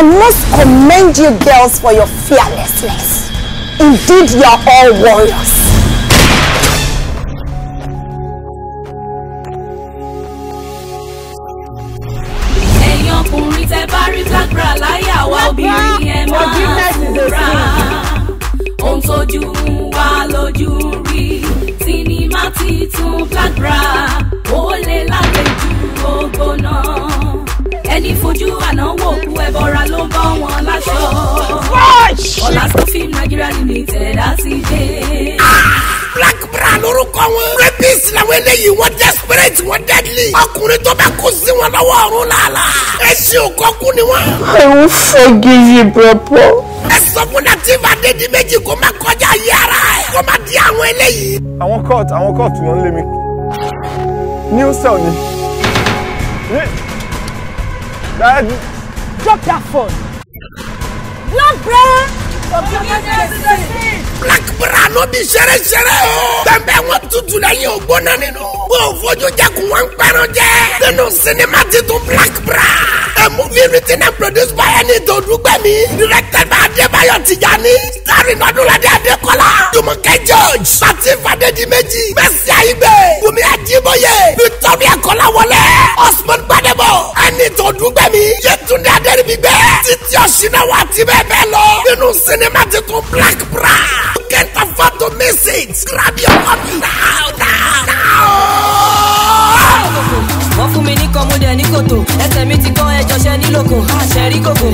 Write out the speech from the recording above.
I must commend you girls for your fearlessness. Indeed, you are all warriors. black bra láyé àwa obìnrin ẹ máa fura ohun tójú wa lójú rí sinimá black bra. fojú àná wò kú ẹbọra ló bọ́ wọn láṣọ. Ọ̀làsán Film Nigeria Limited á ti dé. Black Bra lórúkọ wọn. Rapists làwọn eléyìí wọ́n desperate wọ́n deadly. Ọkùnrin tó bẹ kó sí wọn lọ́wọ́ ọ̀run làálà. Ẹ ṣe òkọ́kú ni wọ́n. I will forgive you, brother. Ẹ sọ fún Latif Adédìméjì kó má kọjá yàrá ẹ̀. Kó má di àwọn eléyìí. Àwọn court àwọn court wọ́n lé mi. New cell ni. Yeah. Uh, Drop that phone. Black bra. Black bra no be ló bí ṣẹrẹṣẹrẹ o. Bẹ́ẹ̀ wọ́n tutù lẹ́yìn ògbóná nínú. Bó o fojú jẹ́kun wọn pẹ́ràn jẹ́. Nínú sinimá do Black bra. A movie written and produced by Anita Odugbemi. Directed by Adébáyọ̀ Tijani. Starring Ọdúnládé Adékọ́lá. Dumoke George. Latif Adédìméjì. Mercy Aigbe. Bùnmi Ajíbóyè. Victoria Kọ́láwọlé. Osman Gbadebo ní tọdún gbẹ̀mí yẹtúndé adẹ́rìbígbẹ́ títí ọ̀ṣináwó àti bẹ́ẹ̀ bẹ́ẹ̀ lọ nínú sinimá titun black bra kẹta fọ́tò message grab your copy now now now. wọ́n fún mi ní kọ́mú dẹ̀ ní kòtò ẹsẹ̀ mi ti kọ́ ẹjọ́ ṣẹ́ nílòkò àṣẹ rí kòkò.